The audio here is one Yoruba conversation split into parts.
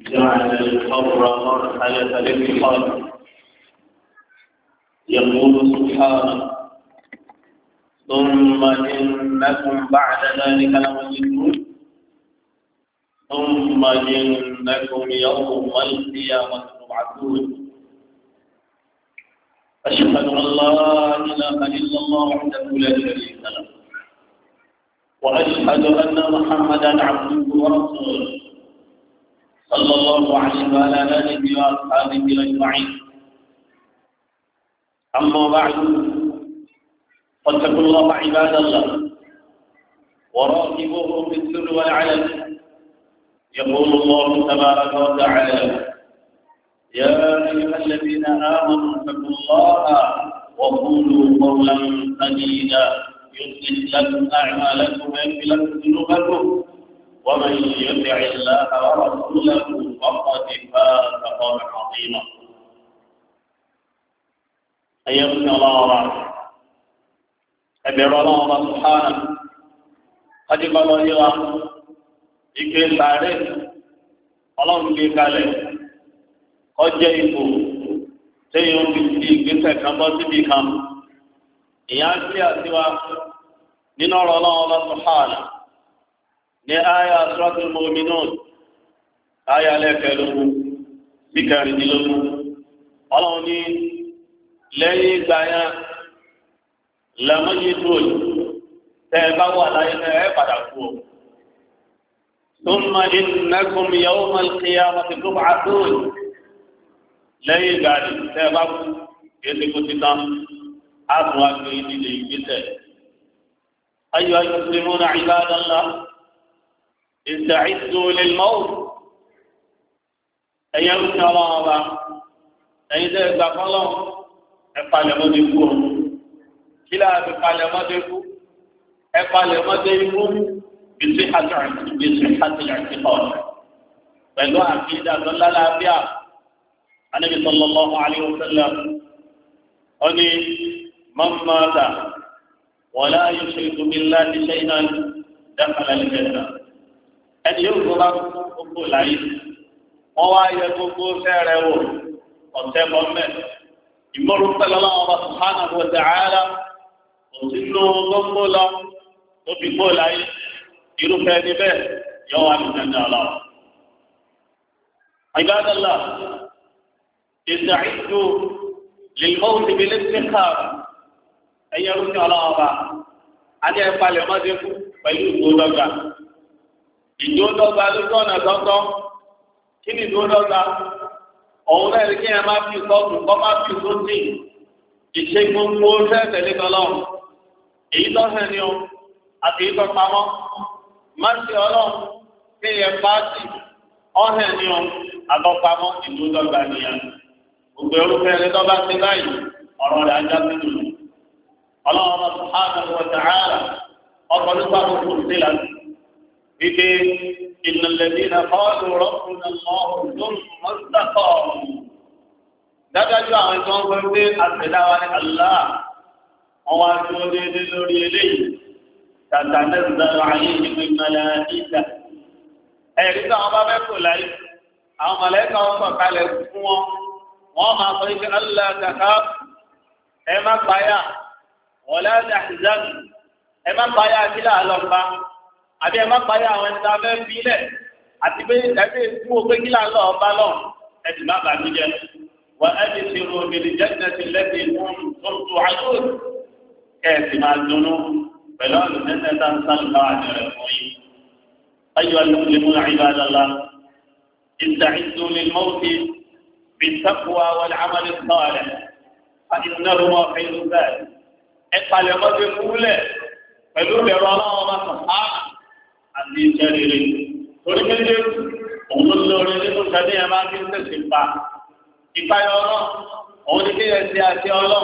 جعل الحر مرحلة الانتقال يقول سبحانه ثم إنكم بعد ذلك لمجدون ثم إنكم يوم القيامة تبعثون أشهد أن لا إله إلا الله وحده لا شريك له وأشهد أن محمدا عبده ورسوله صلى الله عليه وعلى آله وأصحابه أجمعين أما بعد فاتقوا الله عباد الله وراقبوه في السر والعلن يقول الله تبارك وتعالى يا أيها الذين آمنوا اتقوا الله وقولوا قولا سديدا يصلح لكم أعمالكم ويغفر لكم ذنوبكم ومن يطع الله ورسوله فقد فاز فوزا عظيما أيها الله ẹbẹrẹ Ọlọ́run ọba sùhánà ọdígbọlọ yíwa ike sàárè Ọlọ́run gbé kalẹ̀ ọjẹ ipò téèyàn fi di ìgbésẹ̀ kan bọ síbi kan ìyá sí àtiwá nínú ọ̀rọ̀ Ọlọ́run ọba sùhánà ní àyà suratul mu'minun àyà lẹ́kẹ̀ẹ́lógún sí kẹrìndínlógún ọlọ́run ní lẹ́yìn ìgbà yẹn lẹ́mọ́jì tóòlù tẹ́ ẹ bá wà láyé náà ẹ padà kú ọ. thumma innakum yawma al-qiyamati tub'athun lẹ́yìn ìgbà yẹn kú kéde kó á tún wá gbé ìdílé ìgbésẹ̀. ayyuha al-muslimuna ibadallah. استعدوا للموت ايام شرابا اذا ذا اقال ما تكون كلا اقال ما تكون اقال بصحة بصحة الاعتقاد فإن دعا في ذا ظل الأبياء النبي صلى الله عليه وسلم أني من مات ولا يشرك بالله شيئا دخل الجنة ẹni yóò tó bá gbogbo láyé wọn wá yẹ gbogbo fẹrẹ wò ọtẹ mọmẹ ìmọ̀rún pẹ̀lú ọlọ́wọ́ bá sùhánà wọ dàáyàrá òsì nù gbogbo lọ tóbi gbó láyé irúfẹ́ ẹni bẹ́ẹ̀ yọ wá ní dandan lọ. àgbàdàlà ìdàgbò lèmọ́wù ti bẹ̀lẹ̀ ti kà ẹ̀yẹ rúkẹ́ ọlọ́wọ́ bá adé ẹ̀palẹ̀ ọmọdé kú pẹ̀lú ìgbòdọ́gba ìdúródọ́gba lójú ọ̀nà tọ́tọ́ kí ni ìdúródọ́gba òun náà kí ẹ máa fi sọ́ọ̀tù kọ́ máa fi sóòtì ìṣe gbogbo fẹ́ tẹ̀lé tọ́lọ́run èyí tó hẹ̀ ni o àti èyí tó pamọ́ má ṣe ọlọ́run kí ẹ pàṣẹ ọ̀hẹ̀ ni o àtọ́pamọ́ ìdúródọ́gba nìyẹn gbogbo irúfẹ́ ẹni tó bá ti báyìí ọ̀rọ̀ rẹ̀ ajá sí dùn ọlọ́run ọmọ sùhánù ike ìnàlẹ́bí na fọ́ọ̀lù rọ́pùnà mọ́ọ̀lù tó ń mọ́sítàkọ̀ dájájú àwọn tó ń gbé pé àtẹ̀dá wa ní àlá wọn wá dúró déédéé lórí eléyìí tàtà nẹ́sìdára ayé ìlú ìmọ̀lẹ́ ìgbà ẹ̀rí táwọn bá fẹ́ kò láyé àwọn mọ̀lẹ́kà wọn sọ̀ kalẹ̀ fún wọn wọn máa sọ ike allah kàkà ẹ má payà wọlé àti àtìjáde ẹ má payà kí láàlọ́ pa àbí ẹ má parí àwọn ẹni tá a fẹ́ fi lẹ̀ àti pé ẹbí tí mo gbé kílà lọ ọba lọ ẹtì má bàa mi jẹ wà ẹbí ti ro mìlì jẹ́nẹ́tì lẹ́bi fún tuntun àjò kẹ́ẹ̀sì máa dunu pẹ̀lú àlùmẹ́sẹ̀ tá ń sálù bá àjọyọ̀ fún yìí. ayọ̀ alùpùpù ìbádàlá ìdàhìtò ní mọ́tì bìtàkùwà wal amali salih fàìnàrùmọ̀ fẹ́ẹ́ lù bẹ́ẹ̀ ẹ̀ pàlẹ́mọ́ fi kúlẹ̀ pẹ̀lú bẹ̀rù ọlọ́wọ́ máa sọ̀ àti iṣẹ́ rere torí méjì òun lórí nínú sẹ́ni ẹ̀ máa fi ń tẹ̀sí pa ìpayọ̀ ọlọ́ òun ní kéèyàn ṣe àti ọlọ́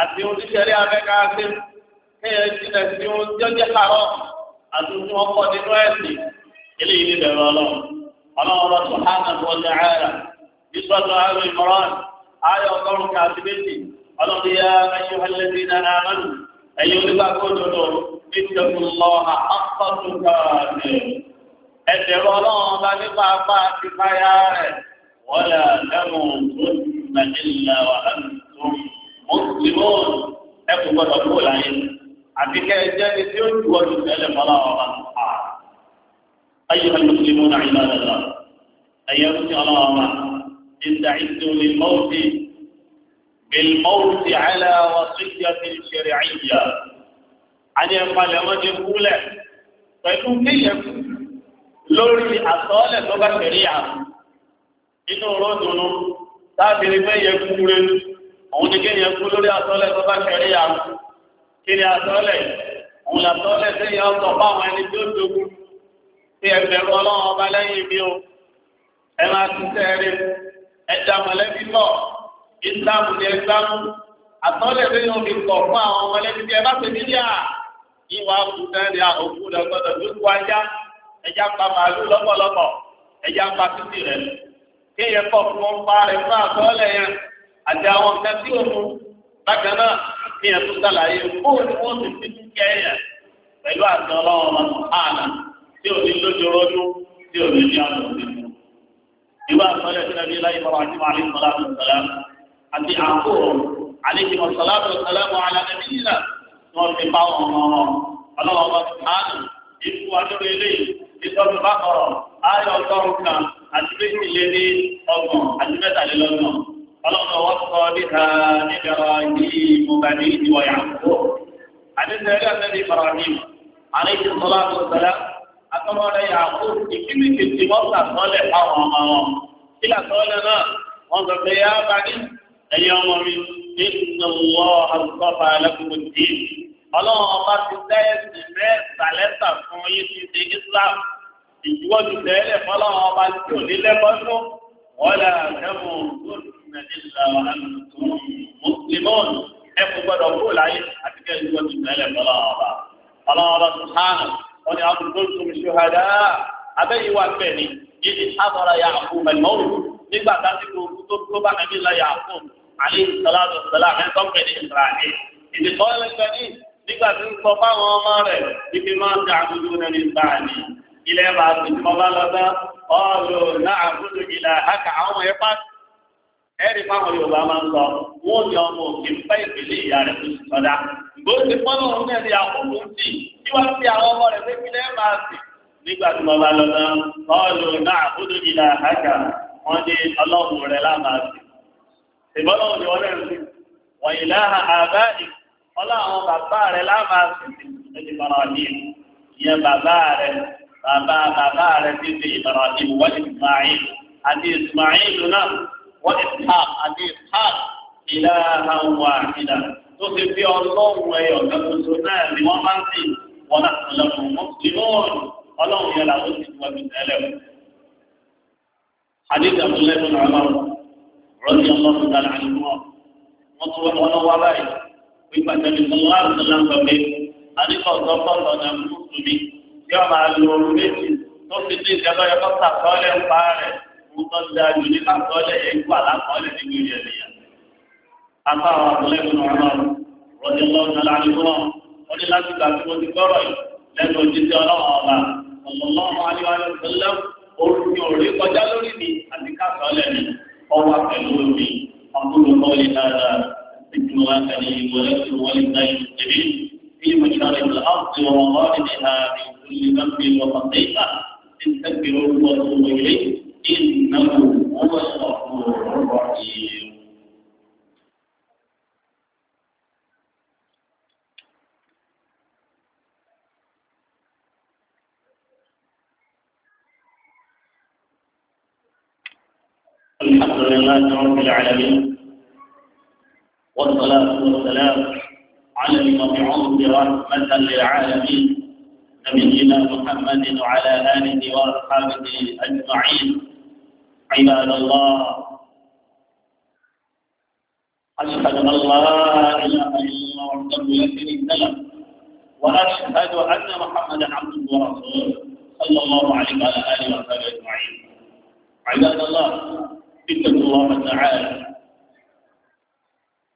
àti oníṣẹ́rí abẹ́ká ṣe kéèyàn jìnà sí ohun tí ó jẹ́ kárọ̀ àti ohun tí wọ́n kọ́ nínú ẹ̀sìn eléyìí ní bẹ̀rẹ̀ ọlọ́ ọlọ́run lọ sùn hánà tó ọjà ààrà nígbàtọ̀ ààrẹ ìmọ̀ràn ààrẹ ọgọ́rùn-ún kàtí méjì ọlọ́run yá ayé ẹ̀yin onígbàgbọ́ òdodo ìtẹ̀kùn lọ àkọ́tù káàdì ẹ̀dẹ̀rọ ọlọ́run bá nípa apá àti fáyà rẹ̀ wọ́n lè lẹ́mú tó ti nàìjíríà wà lẹ́nu mùsùlùmí ẹ̀kú gbọ́dọ̀ kú láyé àti kẹ́ẹ̀jẹ́ ni tí ó ju ọdún tẹ́lẹ̀ mọ́lá ọba nípa. ayé wọn mùsùlùmí náà ìlànà ẹ̀yẹ ń ti ọlọ́run wa ìdá ìdúró بالموت على وصية شرعية أن يقال مجهولة فيكون lórí àsọọ́lẹ̀ tó bá tẹ̀lé à inú ọ̀rọ̀ dùnú tábìlì pé yẹ kú rẹ òun ni kéèyàn kú lórí àsọọ́lẹ̀ tó bá tẹ̀lé à kí ni àsọọ́lẹ̀ òun làsọọ́lẹ̀ tó yẹ ọ̀sọ̀ fáwọn ẹni tó dogun tí ẹ bẹ̀rù ọlọ́run ọba lẹ́yìn mi o ẹ máa ti sẹ́ẹ̀rẹ̀ ẹ dá mọ̀lẹ́bí náà ìsìlámù ní ẹ̀sìlámù àtọ́lẹ̀ tó yàn fi kọ̀ fún àwọn ọmọ lẹ́nu bí ẹ bá ṣe níyà ìwà àbùtẹ́rì àòkú lọ́gbọ́dọ̀ tó kú ajá ẹja pa màálù lọ́pọ̀lọpọ̀ ẹja pa títì rẹ̀ kéèyàn kọ̀ fún wọn pa rẹ̀ fún àtọ́lẹ̀ yẹn àti àwọn nǹkan tí ò mú bákan náà kéèyàn tó sàlàyé fóònù ni wọ́n ti fi kíkẹ́ yẹn pẹ̀lú àti ọlọ́run ọmọ àná tí ò ní lójorójú tí ò ní ní àná òṣèlú. ìwà àtọ́lẹ̀ tó àti àkóò àlejò ọ̀sálàtò ọ̀sálàmù alánàbíyìnà ni wọ́n fi bá wọn mọ́ wọn. ọlọ́wọ́n bá sùpáàlù ikú adúlé eléyìí ìtọ́jú bá kọ̀rọ̀ ayọ̀ ọgọ́rùn kan àti méjì lé ní ọgbọ̀n àti mẹ́tàlélọ́gbọ̀n. ọlọ́wọ́n wọ́n sọ níta níbẹ̀rọ yìí mọ̀gàdì ìwọ̀ yàgò. àdéhùn ẹ̀rí Ibrahim àlejò ọ̀sálàtò ọ̀sálàmù àtọ́mọ́lẹ̀ yàgò ìkíni kìtì wọ́n sàtọ́lẹ̀ fáwọn ọmọ wọn. kí ẹ̀yin ọmọ mi inna Allah astafa lakum ad-din ọlọ́run ọba ti tẹ́sí bẹ́ẹ̀ sàlẹ́sà fún yín ti ṣe islam ìjúwọ́jú tẹ́lẹ̀ fọlọ́run ọba tí ò ní lẹ́kọ́nú wọ́lá ẹ̀mú nàìjíríà mùsùlùmọ́ọ̀nù ẹ̀kú gbọ́dọ̀ kó láyé àti kẹ́ ìjúwọ́jú tẹ́lẹ̀ fọlọ́run ọba ọlọ́run ọba sùhánù wọn ni àwọn tó tún ṣùhàdá abẹ́yìí wà bẹ́ẹ̀ ni yìí ni àbọ̀rọ̀ yà àlejò sọláàtọ̀ sọláàtọ̀ ẹ̀ tọ́pẹ̀ ní ìsirahìn ìdìbò ẹlẹ́gbẹ́ ní nígbà tí ń sọ fáwọn ọmọ rẹ̀ ibi máa ń da àbúrò náà ní ìsirahìn ilẹ̀ bá ti mọ́ bá lọ́dọ́ ọ̀rọ̀ náà àbúrò ìlà àkà àwọn ẹ̀fà ẹ̀rí fáwọn Yorùbá máa ń sọ wọ́n ní ọmọ òkè ń fẹ́ ìpínlẹ̀ ìyá rẹ̀ tó ti sọ́dá gbòòsì ti àwọn náà àbúrò ìlà àkà wọ́n ní ìbọn náà ni wọn lè rí wọn ìlà àbá ọlá àwọn bàbá rẹ láàmà sí ẹni bàrà ní ìyẹn bàbá rẹ bàbá bàbá rẹ ti di ìbàrà ní wọn ìsmáyìn àti ìsmáyìn lónà wọn ìsmáà àti ọlọ́run ẹyọ làwọn ti wọ́n ti tẹ́lẹ̀ o. àdéhùn àbúlé fún àwọn rọ́ọ̀dì ọlọ́run dára àlùmọ́ wọ́n tún wọ́n lọ́wọ́ báyìí wípé àtẹ̀lé sọ́wọ́ àrùsọ́lá ń sọ pé àdìgbò ọ̀sọ́pọ̀lọ̀ ní mùsùlùmí tí wọ́n máa lo ooru méjì tó fi ní ìjọba yẹn kó sàkọọ́lẹ̀ ń pa rẹ̀ mú tó ń da jù ní sàkọọ́lẹ̀ yẹn kú àlàkọọ́lẹ̀ nínú ìyẹn nìyẹn. afáwọn àtúlẹ̀kùn ọ̀rọ̀ rọ́ọ̀dì ọlọ́run dára àlùmọ́ wọ́n ní láti gbà tí wọ́n ti gbọ́rọ̀ yìí lẹ́nu òjijì ọlọ́run kọjá lórí mi àti káàkiri ọ̀lẹ́ mi. قوة علومي أقول قولي هذا استجمعك لي ولكم ولله المسلمين في مشارق الأرض ومغاربها من كل ذنب وخطيئة استغفروه وتوبوا إليه إنه والصلاة والسلام على المبعوث برحمة للعالمين نبينا محمد وعلى آله وأصحابه أجمعين عباد الله أشهد أن لا إله إلا الله وحده لا شريك له وأشهد أن محمدا عبده ورسوله صلى الله عليه وعلى آله وصحبه أجمعين عباد الله اتقوا الله تعالى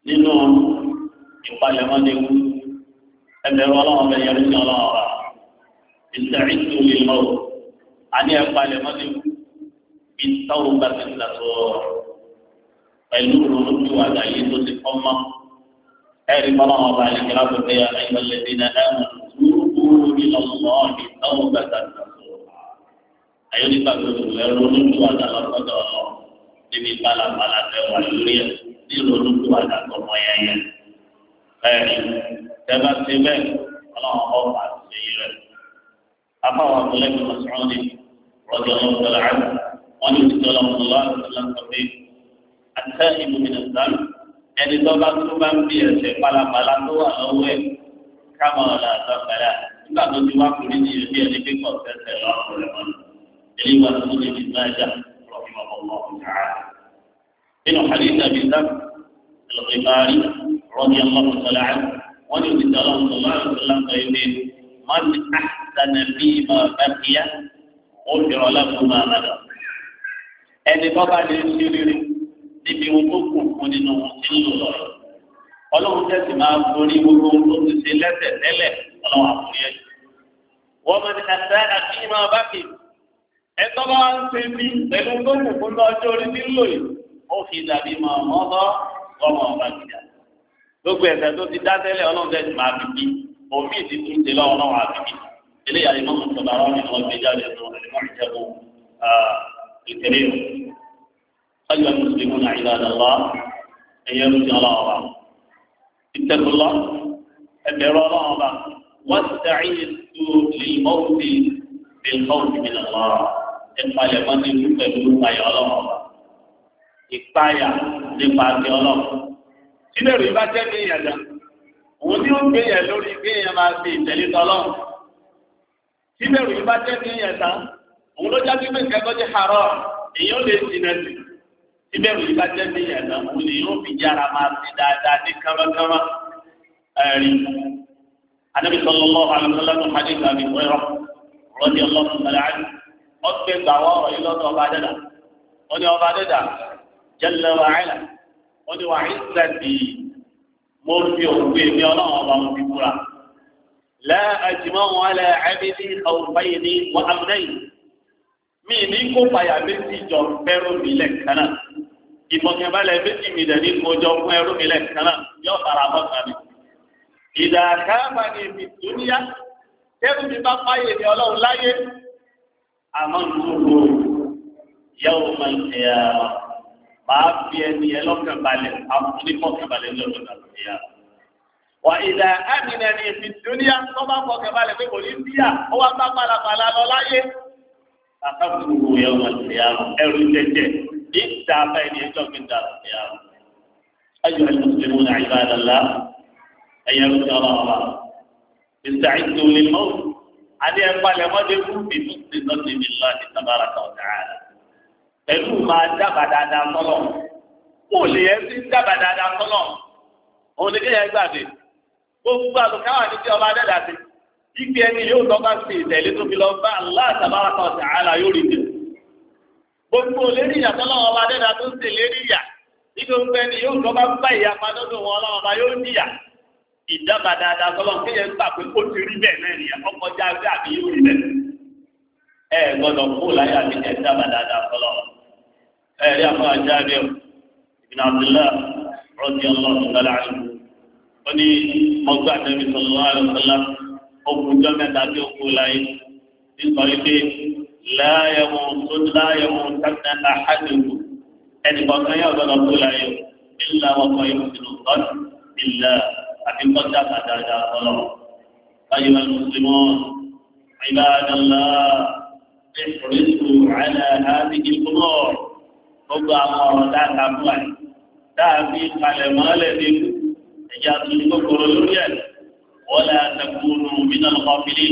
nínú ìpalẹ̀mọ́déwú ẹgbẹ̀rún ọlọ́run bẹ̀rẹ̀ yẹn lóṣù ọlọ́run ọ̀rà ìṣẹ̀rìṣù ìlọ àní ìpalẹ̀mọ́déwú ìtọ́wò gbàgbẹ́sàtọ̀ pẹ̀lú olójú àgbáyé tó ti kọ́ mọ́ ẹ̀rí ọlọ́run ọ̀rà ìṣẹ̀rà tó bẹ̀yà ẹ̀yọ́lẹ́dẹ́ náà ẹ̀mọ̀ tó kúrú ìlọ́ ní ìrònú tó wà dàgbọ́ mọ́ yẹn yẹn. Bẹ́ẹ̀ni, tẹ́lá ti bẹ́ẹ̀ ọlọ́run ọ̀pá àti ṣèyí rẹ̀. Afáwọn ọ̀gbìn Mọ̀sán ni rọ̀jò ọlọ́run àti wọ́n ní òṣìṣẹ́ ọlọ́run lọ́wọ́ àtẹ ìmùmínà sáré ẹni tó bá tó bá ń bí ẹsẹ̀ pálapàla tó wà lọ́wọ́ ẹ̀ kámọ̀ ọ̀la àtọ́kẹ́lá nígbà tó ti wá kúrò ní ìrẹsì ẹni pé kọ̀ fẹsẹ̀ rẹ̀ mọ́nà. Èyí wà tó ní ìgbà ìjà rọ̀ ìmọ̀ ọ̀gbọ̀n ọ̀gbọ̀n nínú hadith abi dhar al-ghifari radiyallahu ta'ala anhu wọ́n ní òbítí ọlọ́run tó máa ń sọ́lá ń sọ yìí pé man ahsana mimma baqiya ó fìrọ̀ ọlọ́run máa bá dọ̀. ẹni tó bá lè ṣe rere níbi ohun tó kù fún nínú ohun tí ń lò lọ́rọ̀. ọlọ́run tẹ̀sí máa borí gbogbo ohun tó ti ṣe lẹ́sẹ̀ tẹ́lẹ̀ ọlọ́run àkúrẹ́. wọ́n máa ní àṣà àti ìmọ̀ bákì. ẹ bá ń ṣe bí pẹ̀lú tó fún lọ́jọ́ orí nílò yìí ó fi dàbí mọ̀ mọ́tọ́ ọmọ ọba gíga. gbogbo ẹ̀ṣẹ̀ tó ti dá tẹ́lẹ̀ ọlọ́run tẹ̀sí máa fi bí omi ti tún ṣe lọ́wọ́ náà wà fi bí. eléyà ni mọ́mọ́ sọ̀rọ̀ àwọn ọmọ ìgbé jáde tó ẹ̀lẹ́mọ̀ ìjẹ́kù ìtẹ̀lẹ́ o. ayọ̀ mùsùlùmí náà ìlà àdàlá ẹ̀yẹ mùsùlùmí ọlọ́run ọba. ìtẹ̀kùlọ́ ẹ̀bẹ̀rẹ̀ ọlọ́run ọba wọ́n ti tẹ̀ ìpayà nípa àti ọlọ́run. Sílẹ̀ rí bá jẹ́ bí ìyàjà, òun tí ó gbé yẹn lórí bí èèyàn máa fi ìtẹ̀lé jẹ́ bí ìyàjà, òun ló jáde pé jẹ́ àárọ̀, èèyàn lè sinẹ̀ sí. Sílẹ̀ rí jẹ́ bí òun ni yóò fi yára máa fi dáadáa ní Adébí sọ̀rọ̀ lọ́wọ́ jalla wa ala wọ́n ní wàá ìsà di mo fi òkú èmi ọlọ́run ọba mo fi kúra. la ajma'u ala abdi khawfayni wa amnayn mi ní kó payà méjì jọ fẹ́rù mi lẹ́ẹ̀kan náà ìfọ̀kànbalẹ̀ méjì mi dẹ̀ ní kó jọ fún mi lẹ́ẹ̀kan náà yóò fara bọ́ sáré. ìdá káfà ni mi dúníyà tẹ́rù mi bá páyè ní ọlọ́run láyé àmọ́ nínú yawmal qiyamah máa fi ẹni yẹn lọ́kàn balẹ̀ àfúnni mọ́kàn balẹ̀ lọ́dọ̀ náà fi yà. wà ìlà àmìnà ni èmi dúníà tó bá mọ́kàn balẹ̀ pé kò ní bíyà ó wá bá balabala lọ láyé. kàkà fúnukù yẹn wọn ti yà ẹrù jẹjẹ ní ìdààmú ẹni ẹjọ́ mi dà sí yà. ayọ̀ ẹ̀ mùsùlùmí ní àyíká àdàlá ẹ̀yẹ ń sọ ọ́ wa. ìsàìtò lè mọ́ adé ẹ̀ palẹ̀ mọ́ ẹ̀lú máa dábàá dáadáa sọ́lọ̀ kó lè yẹn ti dábàá dáadáa sọ́lọ̀ òun ni kéèyàn gbogbo àlùkáwà ní tí ọba dẹ́dà sí ìgbé ẹni yóò lọ sí ìtẹ̀lé lọ bá aláàtàbára kan sàárà yóò rí bẹ́ẹ̀ gbogbo lérí ọba tó ń lérí ìyà gbogbo ẹni yóò lọ bá ìyá padọ́dọ̀ wọn ọlọ́wọ́ ọba yóò níyà ìdábàá dáadáa kéèyàn gbà pé ó ti rí bẹ́ẹ̀ náà nìyà gbé àbí yóò rí bẹ́ẹ̀ gbọ́dọ̀ ẹ̀rí àfáà jáde ìbìnà àbdùlá rọ́dí ọlọ́run lọ́la àṣù ó ní mọ́gbà nẹ́bí sọ̀rọ̀ àlùfọ́lá okùn jọ mẹ́ta tí ó kú láyé ní sọ wípé láyẹ̀wò tó láyẹ̀wò tẹ́tẹ́ àhádùkù ẹnì kọ̀ọ̀kan yóò gbọ́dọ̀ kú أيها المسلمون عباد الله احرصوا على هذه الأمور gbogbo àwọn ọ̀rọ̀ dáadáa fún wa dáàbí palẹ̀mọ́lẹ̀ ní ẹ̀jẹ̀ àtúntò kòkòrò lórí ẹ̀ wọ́n lè àtẹ̀kùnú mínà lọ́kọ̀ọ́fìlì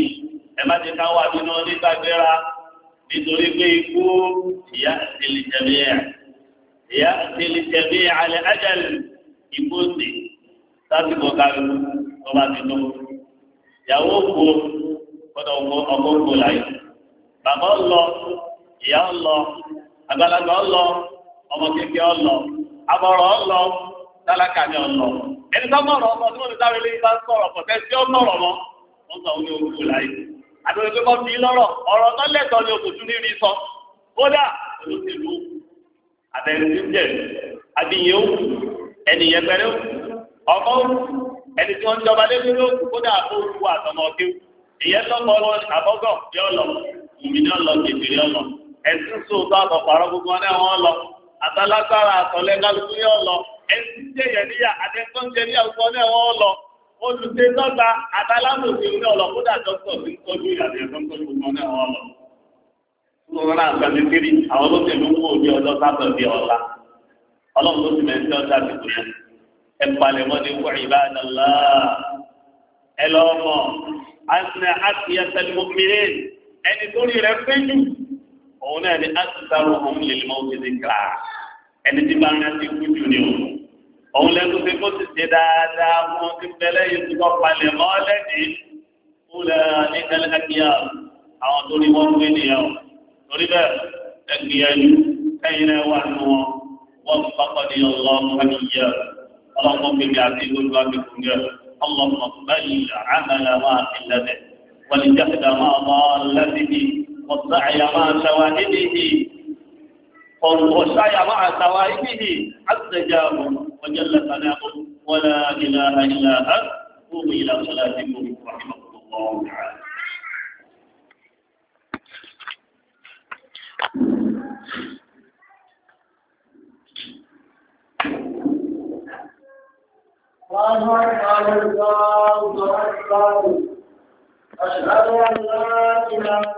ẹ̀ má ti ká wà nínú onígbàgbéra nítorí pé ikú ìyá ìtìlì tẹ̀lé ẹ̀ ìyá ìtìlì tẹ̀lé alẹ́ ájẹ́lì ikú sì sásìkò kárí tó bá ti tó ìyàwó kú gbọ́dọ̀ ọkọ̀ ọkọ̀ láyé bàbá ń ìyá ń àgbàlagbà ọlọ ọmọ kékeré ọlọ àbọrọ ọlọ tálákà ni ọlọ ẹni tó mọ̀rọ̀ ọmọ tí wọ́n ti dáre lé bá sọ̀rọ̀ pọ̀tẹ́ tí ó mọ̀rọ̀ mọ́ wọ́n sọ ní orúkú láyé àtúntò pé wọ́n fi lọ́rọ̀ ọ̀rọ̀ tó lẹ́tọ̀ọ́ ni òkùtù ní rí sọ kódà olóṣèlú àtẹnudíjẹ àbíyẹwò ẹnìyẹn pẹrẹ ọmọ ẹni tí wọ́n jọba lé lórí òkú kódà àbóòkú àtọmọkéwò ìyẹn lọ́kọ̀ọ́ àbọ́gọ̀ yọ lọ òmìnira lọ kékeré ọlọ ẹ̀sìn sóòótọ́ àtọ̀pàrọ̀ gbogbo wọn náà wọ́n lọ àtàlágbára àtọ̀lẹ́ kálukú yọ̀ lọ ẹ̀sìn jẹ̀yẹ̀ níyà àtẹ̀tọ́ ń jẹ níyà gbogbo náà wọ́n lọ olùdé dọ́gba àtàlámòsí ní ọ̀lọ́ kódà dọ́kítọ̀ sí tọ́jú ìyàtọ̀ ẹ̀sán tó gbogbo náà wọ́n lọ. Wọ́n rán àgbàdo kiri àwọn olóṣèlú ń wò ní ọjọ́ sábẹ̀ bí ọ̀la. Ọlọ́run ló ti mẹ́ sí ọjà àdìgbò yẹn. Ẹ òun náà ni asùsàrò òun lè mọ òun ti kà ẹni tí bá ń rántí kújù ni o òun lẹnu pé kó sì ṣe dáadáa fún ọ ti bẹlẹ yìí tí wọn palẹ̀ mọ́ lẹni kúlẹ ní kẹlẹkẹkẹyà àwọn tó ní wọn gbé nìyẹn o torí bẹ́ẹ̀ ẹgbìyànjú ẹ̀yin náà wà nù wọn wọn fapá ní ọlọ́run káníyà ọlọ́run bèbè àti gbogbo àgbègbè yẹn ọlọ́run báyìí àmàlà máa fi lẹbẹ wọn وسعي مع شواهده وسعي مع سوائبه عز جابه وجل ثناؤه ولا إله إلا أنت قوموا إلى صلاتكم رحمكم الله تعالى الله أكبر الله أكبر أشهد أن لا إله